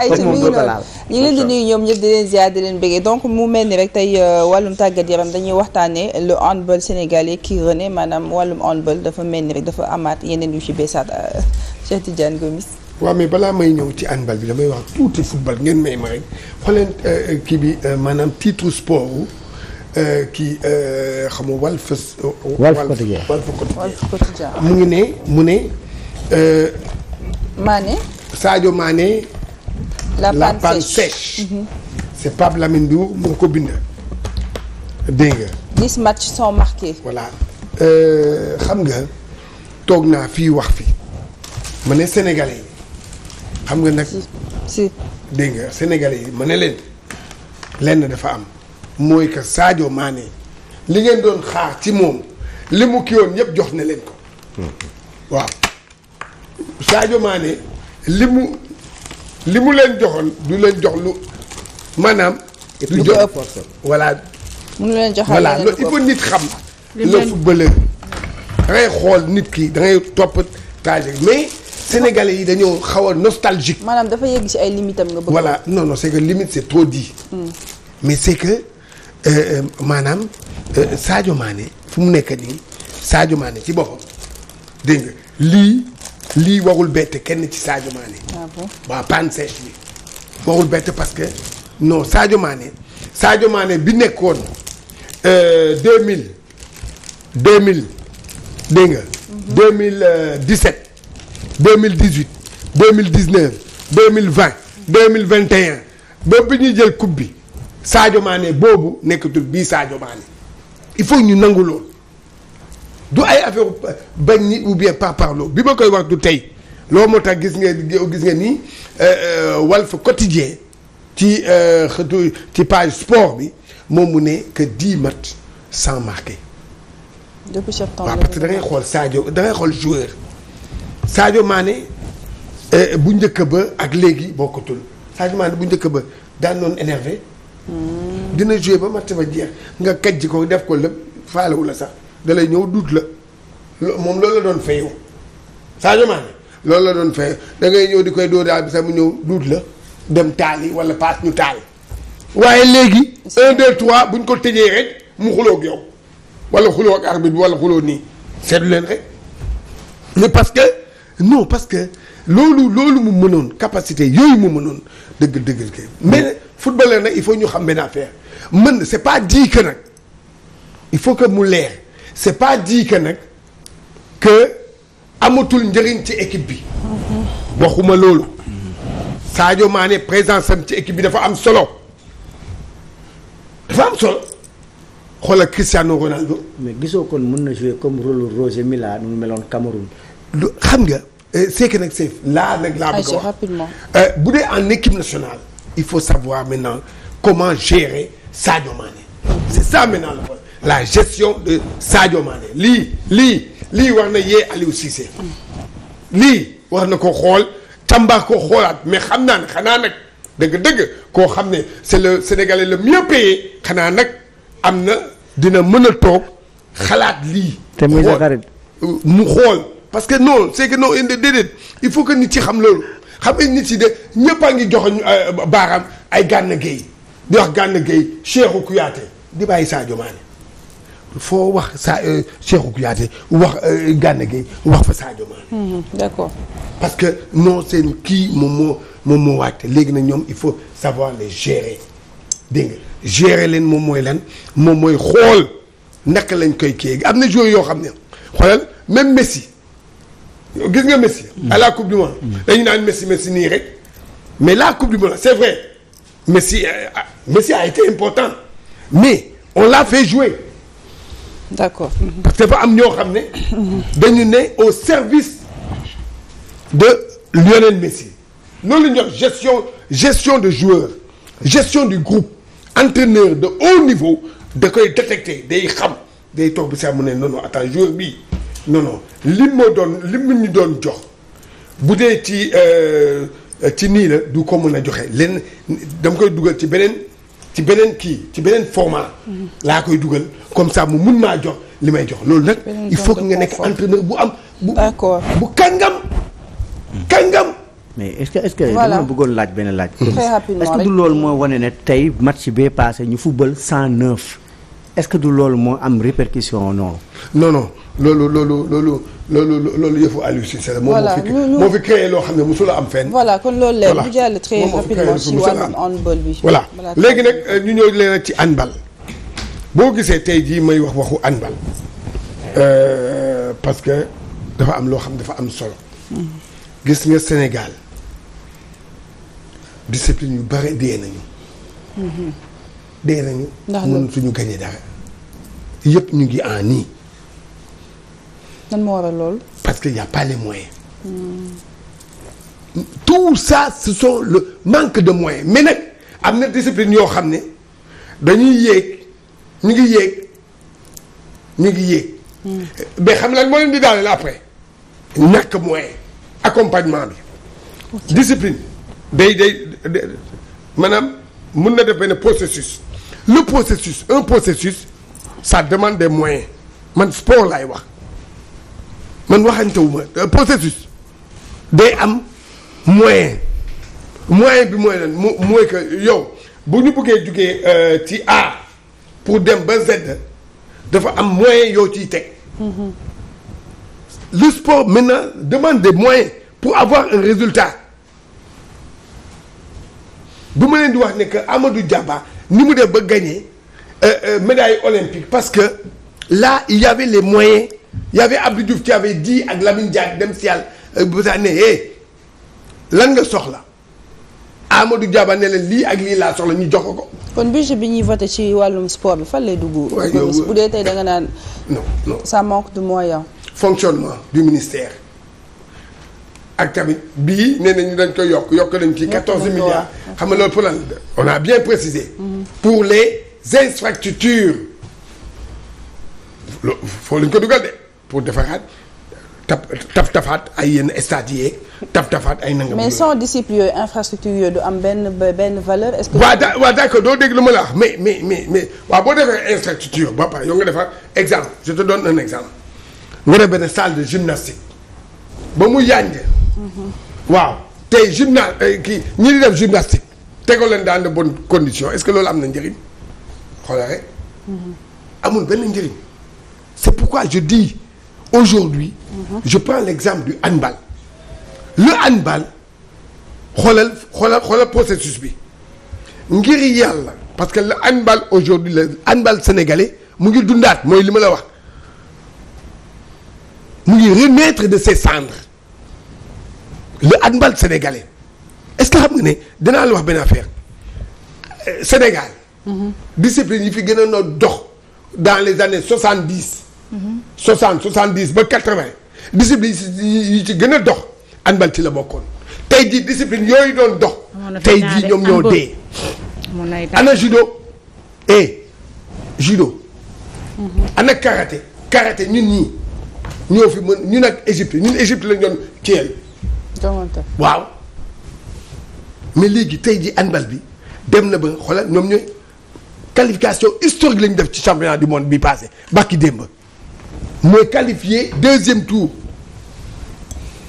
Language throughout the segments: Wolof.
ay ci mi ñoom ñëpp di di leen bëggee donc mu mel ni rek tey euh, wàllum tàggat yaram dañuy waxtaanee le handball sénégalais qui renaît maanaam wàllum handball dafa mel ni rek dafa amaat yeneen yu ci beesaat euh, Cheikh Tidiane Gomis. waaw mais balaa may ñëw ci handball bi damay wax tuuti football ngeen may ma rek xooleen euh, kii bi maanaam titre sport kii xam nga Walf. Walf Quotidien Walf Quotidien mu ngi ne mu ne. Mané. Sadio Mané. la panne sèche mhm. c'est Pape Lamine Ndour moo ko bind dégg nga. dix matchs sont marqués. Euh, xam nga toog naa fii wax fi ma ne sénégalais yi xam nga nag. si dégg nga sénégalais yi ma ne leen lenn dafa am mooy que Sadio Mané li ngeen doon xaar ci moom li mu kii woon ñëpp jox na leen ko. Hmm. waaw Sadio Mané li mu li mu leen joxoon du leen jox lu maanaam. du jox voilà. mu leen jox voilà loolu il faut nit xam. le footballeur da ngay xool nit ki da ngay topp taaj mais sénégalais yi dañoo xaw a nostalgique. maanaam dafa yegg si ay limites am nga bëgg. voilà non non c'est que limite c'est trop dit. Hmm. mais c'est que euh, euh, maanaam euh, Sadio Mané fu mu nekk nii Sadio Mané ci boppam dégg lii. lii warul bett kenn ci Sadio Mané. Ah waaw pan sèche bi warul bett parce que non Sadio Mané Sadio Mané bi nekkoon euh, deux mille deux mille dégg nga. Mhm. deux mille euh, dix sept deux mille dix huit deux mille dix neuf deux mille vingt deux mille vingt et un ba bi ñuy jël coupe bi Sadio Mané boobu nekkatul bii Sadio Mané il faut ñu nangu loolu. du ay affaire bañ ni ou bien par parloo bi ma koy wax du tey loo moo tax gis ngeen gis ngeen ni euh, euh, Walf Quotidien ci euh, xëtu ci page sport bi moom mu ne que dix matchs sans marquer. depuis septembre parce que da ngay xool Sadio da xool joueur Sadio maane bu njëkk ba ak léegi bokkatul Sadio Mané bu njëkk ba daan noonu énervé. Hmm. dina joué ba match ba jeex nga kaj ko def ko lépp faalewu la sax. da lay ñëw duut la moom loolu la doon fayu Sadio Mané loolu la doon fayu da ngay ñëw di koy dóor daal bi mu ñëw duut la dem taal yi wala paas ñu taal waaye léegi. un deux trois ñu ko tëjee rek mu xuloo ak yow wala xuloo ak arbitre bi wala xuloo nii seetlu leen rek mais parce que non parce que loolu loolu mu mënoon capacité yooyu mu mënoon dëgg dëgg kay mais footballeur nag il faut ñu xam benn affaire mën c'est pas dit que nag il faut que mu leer. c'est pas dit que nag que amatul njëriñ ci équipe bi. waxuma loolu. Sadio Mané présent am ci équipe bi dafa am solo. dafa am solo. xoolal Cristiano Ronaldo. mais gisoo kon mën na jouer comme rôle Roger Mila mu meloon Cameroun. lu xam nga euh, c'est que nag c'est là nag laa bëgg a euh, bu dee en équipe nationale. il faut savoir maintenant comment gérer Sadio Mané. c'est ça maintenant le problème. la gestion de Sadio Mané lii lii lii wax na yee Aliou Cissé lii war na ko xool Tamba ko xoolaat mais xam naa xanaa nag dëgg-dëgg koo xam ne c'est le Sénégalais le mieux payé xanaa nag am na dina mën a toog xalaat lii. te muy sa xarit euh, mu xool parce que non c'est que non indi déedéet il faut que nit ci xam loolu xam nga nit yi de ñëpp a ngi joxoñ euh, baaraam ay Gana Gueye di wax Gana Gueye Cheikhou Kouyaté di bàyyi Sadio Mané. fo wax sa euh, Cheikhou Kouyaté wax euh, Gana Gueye wax fa Sadio Mané. Mhm, d'accord. parce que non seen kii moom moo moom moo wàcc léegi nag ñoom il faut savoir les gérer dégg nga gérer leen moom mooy lan moom mooy xool naka lañ koy kii am na joueurs yoo xam ne xoolal même Messi gis nga Messi. Mm. à la coupe du monde. Mm. dañu naan Messi Messi nii rek mais la coupe du monde c'est vrai Messi euh, Messi a été important mais on l'a fait jouer. d'accord parce pa am ñoo xam ne. dañu ne au service de Lionel Messi loolu la ñuy gestion gestion de joueur gestion du group entraîneur de haut niveau da koy détecter day xam day toog bi sax ne non non attends joueur bii non li ma doon li mu ñu doon jox bu dee ci euh, ci nii la du ko mën a joxe lenn dam koy dugal ci beneen. ci beneen kii ci beneen format. laa koy dugal comme ça mun naa jox li may jox loolu nag. il faut que nga nekk entraîneur bu am. bu bu kàngam. kàngam. mais est-ce que est bëggoon laaj benn laaj. est du loolu mooy wane ne tey match bee paase ñu football 109. est-ce que du loolu moo am répercussion noonu. non non loolu loolu loolu loolu loolu yëfu Aliou Cissé la. voilà moom moo fi créé loo xam ne mosul a am fenn. voilà kon loolu léegi bu jàll très rapidement ci wàllum handball bi. voilà léegi nag euh, ñu ñëw leen ci handball boo gisee tey jii may wax waxu handball euh, parce que dafa am loo xam dafa am solo. gis nga Sénégal discipline yu bari dee nañu. Mm-hmm. dee nañu. ndax mën suñu gagné dara yëpp ñu ngi en nii. lan moo waral loolu. parce que y' a pas les moyens. Hmm. tout ça ce sont le manque de moyen mais nag am na discipline yoo xam ne dañuy yéeg ñu ngi yéeg ñu ngi yéeg. Hmm. mais xam lan moo leen di daal la après. ñàkk moyen accompagnement bi. Okay. discipline day day maanaam mun na def benn processus. le processus un processus ça demande des moyens man sport laay wax man waxantewuma euh, processus day am moyen moyen bi mooy lan mu mooy que yow bu ñu bëggee jugee euh, ci A pour dem ba Z dafa am moyen yow ci teg le sport maintenant demande des moyens pour avoir un résultat bu ma leen di wax ne que Amadou Diaba ni mu def ba gagné euh, euh, médaille olympique parce que là il y avait les moyens il y avait Abdou Diouf qui ak Lamine dem si yàlla euh, bu ne eh lan nga soxla Amadou Diaba ne leen lii ak lii laa soxla ñu jox ko. kon budget bi ñuy voté ci wàllum sport bi fan lay dugg. bu dee tey da nga naan. non non manque de moyens. fonctionnement du ministère. ak tamit bii nee nañu dañ ko yokk yokk nañ ci quatorze milliards xam nga loolu pour lan on a bien précisé mm-hmm. pour les infrastructures lo foo lañ ko dugal de pour defaraat taf tafaat ay yenn stades tafaat ay nangam. mais sans disciples yooyu infrastructure yooyu du am benn benn valeur. est-ce que da waaw d'accord doo dégg lu ma la mais mais mais mais waaw boo defee infrastructure ba pare yow nga defar exemple je te donne un exemple nga def benn salle de gymnastique ba mu yànj waaw te gymna eh, kii ñi di def gymnastique tego leen dans de bonnes conditions est-ce que loolu am na njëriñ xoolal rek mhm. amul benn njëriñ c'est pourquoi je dis aujourd'hui mhm. je prends l'exemple du handball le handball xoolal xoolal xoolal processus bi ngir yàlla parce que le handball aujourd'hui le handball sénégalais mu ngi dundaat mooy li ma la wax mu ngi renaître de ses cendres le handball sénégalais est-ce que xam nga ne danaa la wax benn affaire euh, Sénégal. Mhm. discipline yi fi gën a noo dox dans les années mhm. soixante dix. soixante soixante dix ba quatre vingt discipline yi ci gën a dox handball ci la bokkoon tey jii discipline yooyu doon dox. tey jii ñoom ñoo dee. ana judo et eh, judo. Mhm. ana karaté karaté ñun ñii ñoo fi mën ñun ak Égypte ñun Égypte la ñu doon waaw mais léegi tey ji handball bi dem na ba xoolal ñoom ñooy qualification historique lañu def ci championnat du monde bi passé bàkki démb mooy qualifié deuxième tour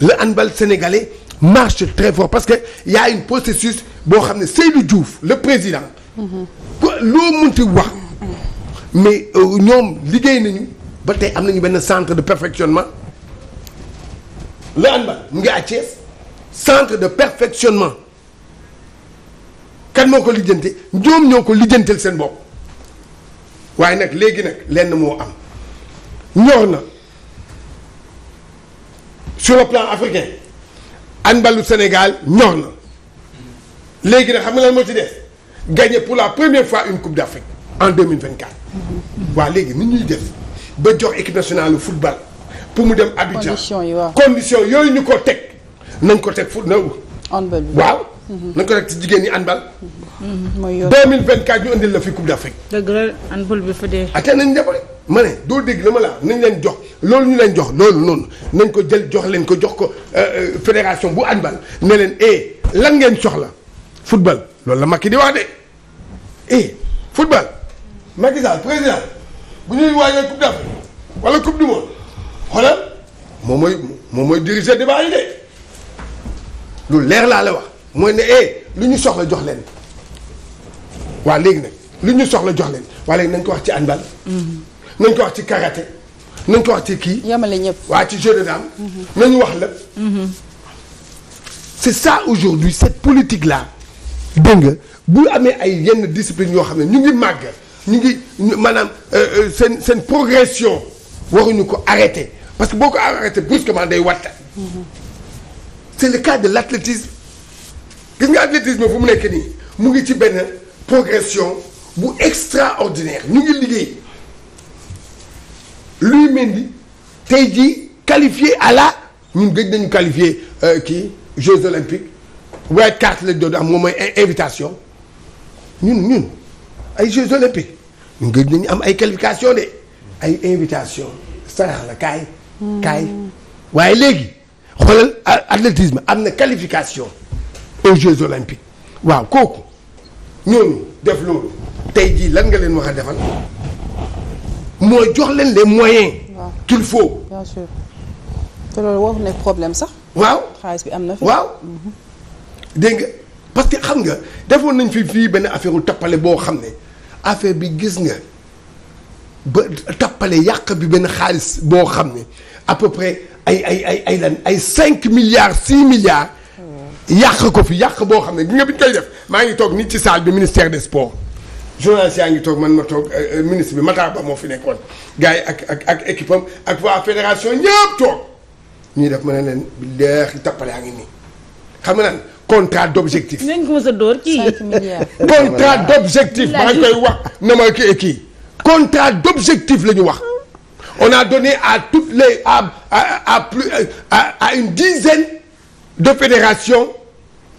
le handball sénégalais marche très fort parce que yaa a processus boo xam ne Seydou Diouf le président loo munti wax mais euh, ñoom liggéey nañu ba tey am nañu benn centre de perfectionnement le handball mu ngi à centre de perfectionnement kan moo ko lijjante ñoom ñoo ko lijjantel seen bopp waaye nag léegi nag lenn moo am ñor na sur le plan africain handballu Sénégal ñor na léegi nag xam nga lan moo ci def gagné pour la première fois une coupe d'Afrique en 2024 waaw léegi nit ñuy def ba jox équipe nationale football pour mu dem Abidjan condition yi waaw condition yooyu ñu ko teg nañ ko teg fu na handball bi waaw. Mhm. nañ ko teg ci jigéen ñi handball. Mhm. mooy yow 2024 ñu indil la fi Coupe d'Afrique. dëgg la handball bi fa dee. attaque nañ njaboote ma ne doo dégg ma la nañ leen jox loolu ñu leen jox loolu noonu nañ ko jël jox leen ko jox ko euh, euh, fédération bu handball ne leen eh, lan ngeen soxla football loolu la ki di wax de eh football Macky président bu ñuy waajal Coupe d'Afrique wala Coupe xoolal moom mooy moom mooy diriger débat yi de lu leer laa la wax mooy ne eh lu ñu soxla jox leen waa léegi nag lu ñu soxla jox leen waa léegi nañ ko wax ci handball. Mm-hmm. nañ ko wax ci karaté nañ ko wax ci kii. yamale ñëpp waa ci jeu de dame. Mm-hmm. nañu wax la. Mm-hmm. c'est ça aujourd'hui cette politique laa dégg nga bu amee ay yenn discipline yoo xam ne ñu ngi màgg ñu ngi maanaam euh, euh, seen seen progression waruñu ko arrêter. parce que boo ko arrêté brusquement day watta c' le cas de l' athlétisme gis nga athlétisme fu mu nekk nii mu ngi ci benn progression bu extraordinaire ñu ngi liggéey luy mendi tey jii qualifié à la ñun gëj nañu qualifié euh, kii Jeux olympiques white card la doon am moom mooy invitation ñun ñun ay Jeux olympiques ñun gëj nañu am ay qualification de ay invitation sarax la kaay kaay waaye léegi xoolal athlétisme am na qualification aux Jeux olympiques waaw kooku ñooñu def loolu tey jii lan nga leen wax a defal mooy jox leen les moyens qu'il faut bien sûr te loolu sax waaw xaalis bi am na waaw mhm. dégg nga parce que xam nga defoon nañ fi fii benn affaire u tappale boo xam ne affaire bi gis nga ba tappale yàq bi benn xaalis boo xam ne à peu près ay ay ay ay lan ay cinq milliards six milliards yàq ko fi yàq boo xam ne gi nga bi def maa ngi toog nit ci salle bi ministère des sports journaliste yaa ngi toog man ma toog euh, euh, ministre bi Matar Ba moo fi nekkoon gars yi ak ak ak équipe ak waa fédération ñëpp toog ñuy def ma ne leen leex yi tappale yaa ngi nii xam nga naan contrat d'objectif. nañ ko mos a dóor kii. contrat d'objectif maa ngi koy wax na ma kii contrat d'objectif la ñu wax. on a donné à tout les à à une dizaine de fédérations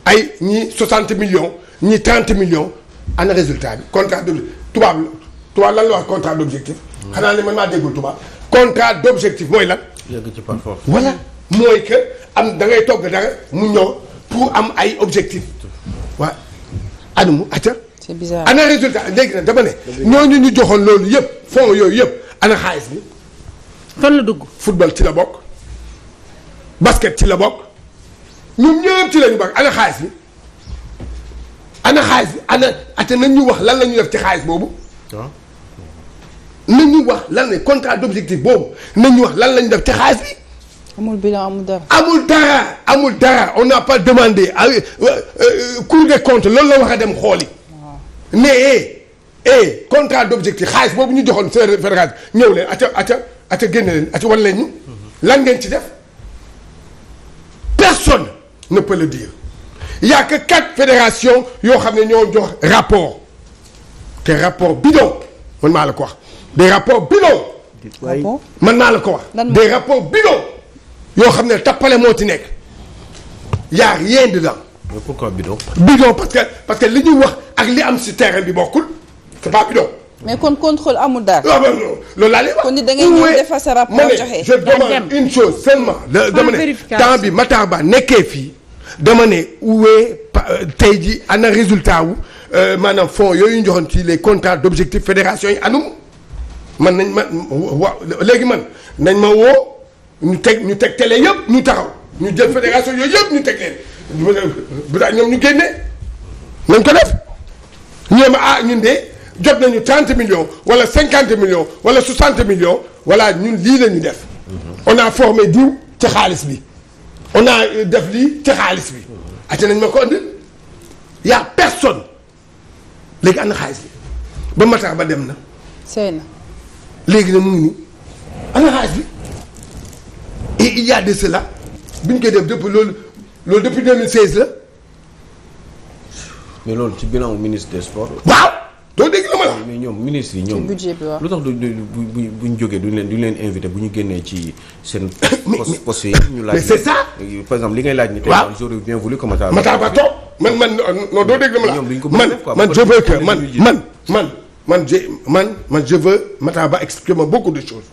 ay ñi 60 millions ñi 30 millions ana résultat bi contrat de tubaab la la wax contrat d' objectif. xanaa ne man maa déggul contrat d' objectif lan. yëngu ci par voilà mooy que am da ngay togg dara mu ñëw pour am ay objectif waa a mu acca. c'est bizarre ana résultat léegi nag dama ne. ñooñu ñu joxoon loolu yëpp fonds yooyu yëpp ana xaalis bi. fan la dugg football ci la bokk basket ci la bokk ñun ñëpp ci lañu bokk ana xaalis bi ana xaalis bi ana ate nañ ñu wax lan la ñuy def ci xaalis boobu ah. nañ ñu wax lan la contrat d'objectif boobu nañ ñu wax lan la def ci xaalis bi amul bilan amul dara amul dara amul dara on n'a pas demandé à ah euh, euh, Cour des comptes loolu la wax a dem xooli mais ah. eh, eh contrat d'objectif xaalis boobu ñu joxoon seen fédération ñëw leen aca aca ata génn leen ata wan leen lan ngeen ci def personne ne peut le dire il y a que yoo xam ne ñoo jox rapport te rapport bidon man maa la ko wax des rapports bidon man maa la ko wax des rapports bidon yoo xam ne tappale moo ci nekk y a rien dedans mais pourquoi bidon bidon parce que li ñuy wax ak li am si terrain bi bokkul c'est pas bidon mais kon amul daal ah, loolu laa lay wax. kon da ngay ñëw defar sa rapport joxe je demande une chose seulement. dama ne temps bi Matar Ba nekkee fii. dama ne où est tey jii ana résultat wu maanaam fonds yooyu ñu joxoon ci les contrats d' objectif fédération yi anum man nañ ma léegi man nañ ma woo ñu teg ñu teg tele yëpp ñu taxaw ñu jël fédération yooyu yëpp ñu teg leen bu daa ñoom ñu génne nañ ko def ñu ne ma ah ñun de. jot nañu 30 millions wala 50 millions wala 60 millions voilà ñun lii la ñu def. on a formé diw ci xaalis bi. on a euh, def lii ci xaalis bi. ati nañ ma ko andi y' a personne léegi am xaalis bi ba mataa dem na. sëy na léegi nag mu ngi nii am na xaalis bi et il y a de cela ñu koy def depuis loolu loolu depuis la. mais loolu ci bilan ministre des sports. waaw doo dégg. la ministre yi ñoom. budget bi waaw lu tax du du bu buñ jógee duñ leen duñ leen invité bu ñu génnee ci seen. poste poste yi ñu laaj. mais c'est ça euh, par exemple laaj ni tey man j'aurais bien voulu que man man non doo dégg dama la man man je veux que man man man man je man man je veux Matar Ba expliquer ma beaucoup de choses.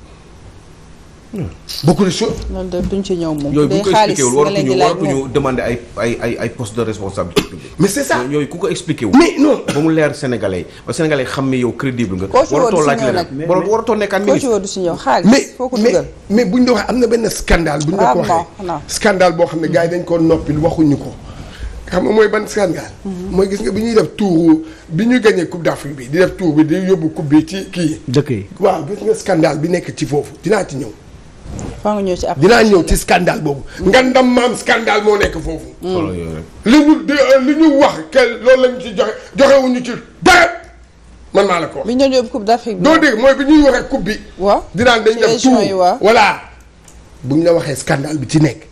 beaucoup de choses. loolu de duñ ci ñëw moom. yooyu bu ñu ko expliqué wul waratuñu waratuñu ay ay ay ay poste de responsabilité publique. mais c'est ça yooyu ku ko expliqué wul. mais non ba mu leer sénégalais ba xam ne yow crédible nga. koo ci waru si ñëw nag waratoo nekkaat ministre. koo ci waru si ñëw xaalis foo ko dugal mais mais buñ la waxee am na benn scandale. buñ la ah ko waxee scandale boo xam ne gars dañ koo noppi waxuñu ko. xam nga mooy ban scandale. Mhm. mooy gis nga bi ñuy def tour bi ñu gagné coupe d'Afrique bi di def tour bi di yóbbu coupe bi ci kii. dëkk yi waaw gis nga scandale bi nekk ci foofu dinaa ci ñëw faa nga ñëw ci après dinaa ñëw ci scandale boobu. Mm. nga ndam maam scandale moo nekk foofu. Mm. li ñu euh, li ñu wax que loolu lañ ci joxe joxe wuñu ci dara man naa la ko wax. bi ñu doon coupe d'Afrique mooy bi ñuy waxee coupe bi. waaw dinaan dañ def tout voilà. bu ñu la waxee scandale bi ci nekk.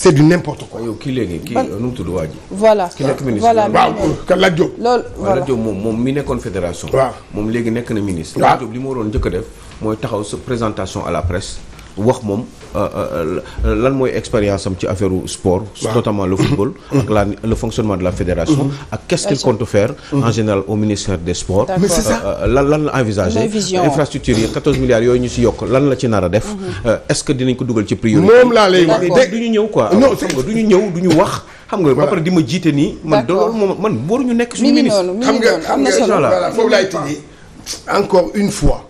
c' du n' importe quoi. yow kii léegi kii nu mu tudd waa ji. voilà ki nekk ministre waaw kan Lat Diop. loolu la Lat Diop moom moom mi nekkoon fédération. waaw moom léegi nekk na ministre. waaw Lat Diop li mu waroon njëkk a def mooy taxaw sa présentation à la presse. wax moom euh, euh, lan mooy expérience am ci affaire sport. notamment le football. ak la le fonctionnement de la fédération. Mm-hmm. ak qu'est-ce qu'il compte faire. en mm-hmm. général au ministère des sports. Euh, lan lan la envisager infrastructure yi 14 milliards yooyu ñu si yokk lan la ci nara def. Mm-hmm. est-ce que dinañ ko dugal ci priorité. moom de du ñu ñëw quoi. non nga du ñu ñëw du ñu wax. xam nga ba pare di ma jiite nii. man doon moom man ñu nekk suñu ministre. xam xam nga voilà foofu laay tijji encore une fois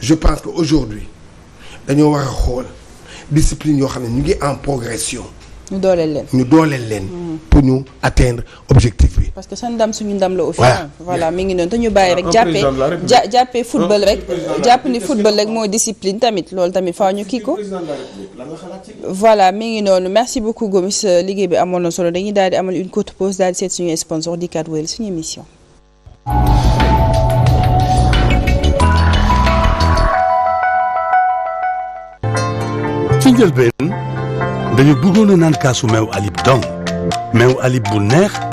je pense que aujourd'hui dañoo war a xool discipline yoo xam ne ñu ngi en progression. ñu dooleel leen ñu dooleel leen. pour ñu atteindre objectif bi. parce que sa ndam suñu ndam la. au voilà mi ngi noonu te ñu bàyyi rek. jàppee ja jàppee football rek. jàpp ni football rek mooy discipline tamit loolu tamit faaw ñu kii ko. voilà mi ngi noonu merci beaucoup Gomis euh, liggéey bi amoon na solo dañuy daal di amal une courte pause daal di seet suñu sponsor di 4 wéyal suñu émission. njëlbeen dañu bëggoon a naan kaasu meew alib dong meew alib bu neex